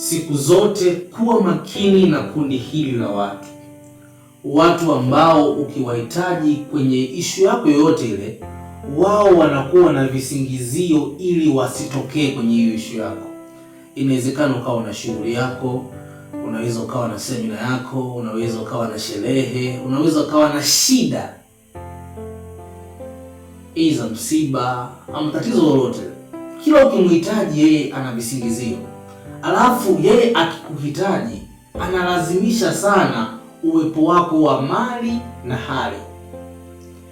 siku zote kuwa makini na kundi hili la watu, watu ambao ukiwahitaji kwenye ishu yako yoyote ile, wao wanakuwa na visingizio ili wasitokee kwenye hiyo ishu yako. Inawezekana ukawa na shughuli yako, unaweza ukawa na semina yako, unaweza ukawa na sherehe, unaweza ukawa na shida iza msiba ama tatizo lolote, kila ukimhitaji yeye ana visingizio alafu yeye akikuhitaji analazimisha sana uwepo wako wa mali na hali.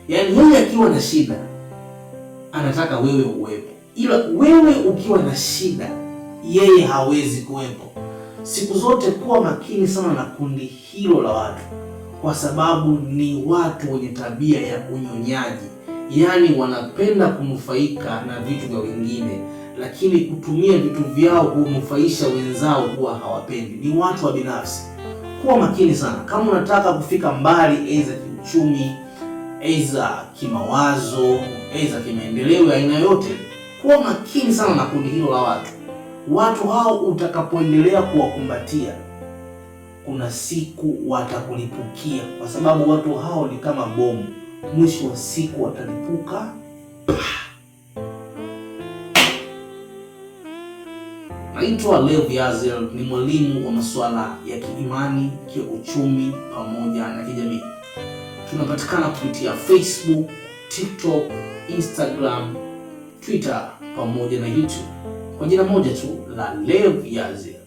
Yaani yeye akiwa na shida anataka wewe uwepo, ila wewe ukiwa na shida yeye hawezi kuwepo. Siku zote kuwa makini sana na kundi hilo la watu, kwa sababu ni watu wenye tabia ya unyonyaji, yaani wanapenda kunufaika na vitu vya wengine lakini kutumia vitu vyao kunufaisha wenzao huwa hawapendi. Ni watu wa binafsi. Kuwa makini sana kama unataka kufika mbali, aidha kiuchumi, aidha kimawazo, aidha kimaendeleo ya aina yote, kuwa makini sana na kundi hilo la watu. Watu hao utakapoendelea kuwakumbatia, kuna siku watakulipukia, kwa sababu watu hao ni kama bomu, mwisho wa siku watalipuka. Naitwa Leo Viazel, ni mwalimu wa masuala ya kiimani, kiuchumi pamoja na kijamii. Tunapatikana kupitia Facebook, TikTok, Instagram, Twitter pamoja na YouTube kwa jina moja tu la Leo Viazel.